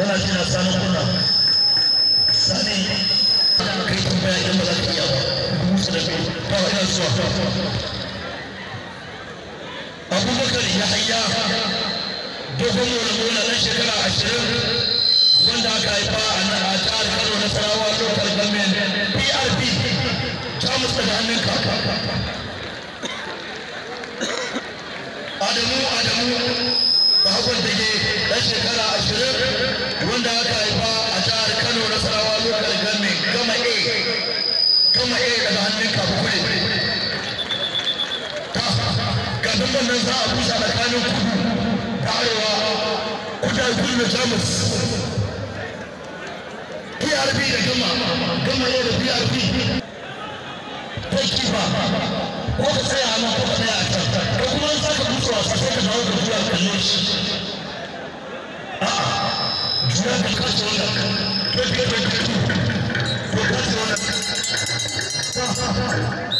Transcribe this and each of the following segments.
muna kira sanin kuna sani ana kai tambaya idan ba za ka iya ba musu da kai ba ina zuwa abubakar ya hayya dogon wani shekara ashirin wanda aka haifa a nan a jihar kano nasarawa local government prp ta musta da hannun kaka nan za a busa tsakanin kudu da arewa kudan kudu da jamus prb da gama gama yau da prb take ba ko ka tsaya a nan ko ka tsaya a can ko kuma in za ka busa wasa sai ka dawo da juya kalle shi a'a juya da kashe wannan ko ka kashe wannan ko ka kashe wannan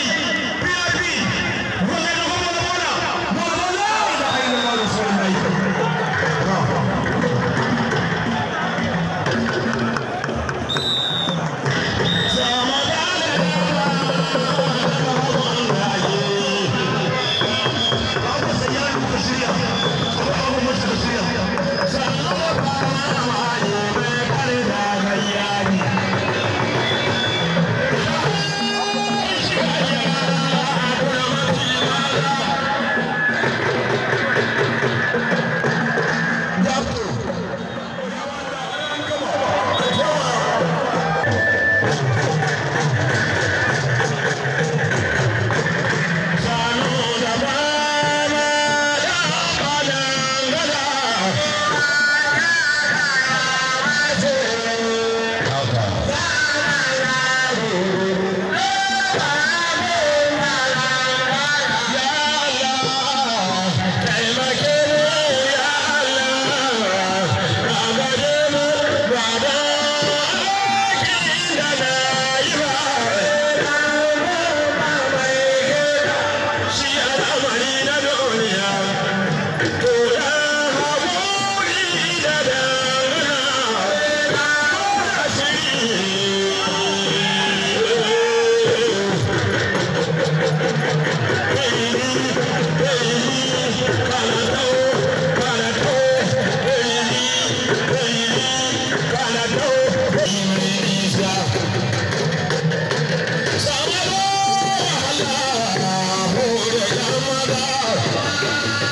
Revolution.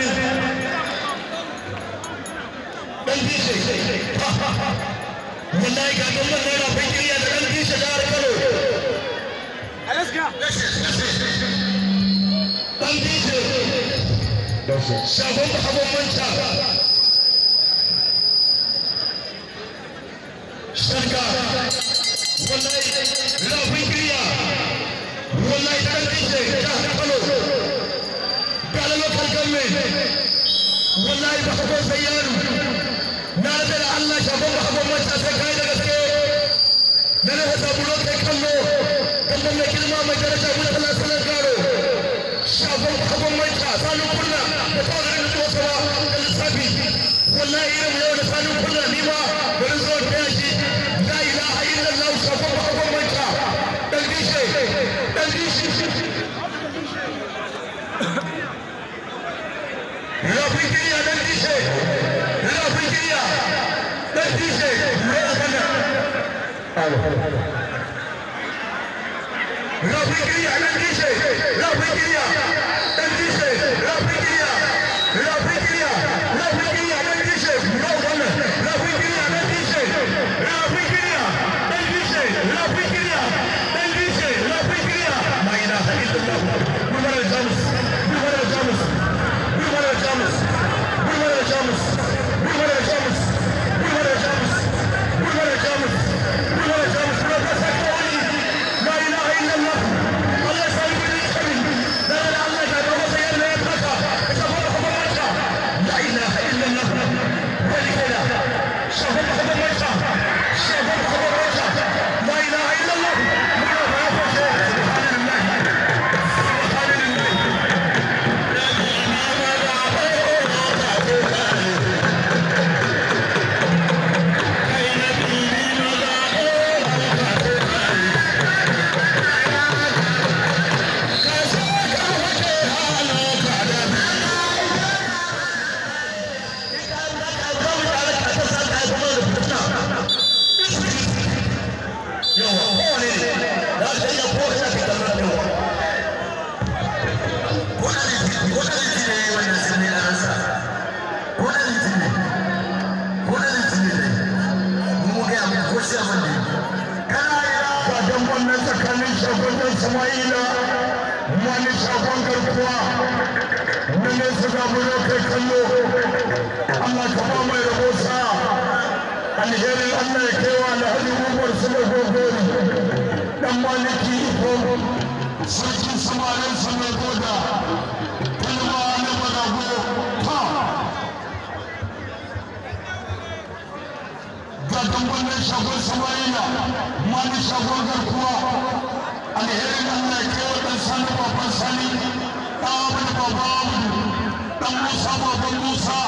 الحسن गलती से बंदाई का नंबर देना बेटी है गलती से डार करो अलस का गलती से सबों हबों मंचा kai ba ko sai yaro na da Allah ka bomba ka ta sai kai da ta kallo dan ban mai girma mai daraja ka ta da ta lissafi irin yau da sanu kunna ni ma abin kiriya dan tishe lura tsakanin shagon ɗan sama'ila shagon garkuwa na ne ga bulo kai kallo Allah ka mai rabo alherin Allah ya kai na alhali umar su da gogori dan maliki ikon sarkin samarin su mai goda kamfanin shagwar samariya mani shagwar garkuwa alherin allah ke wa ɗan sani babban sani ɗan abin babban abu ɗan musa babban musa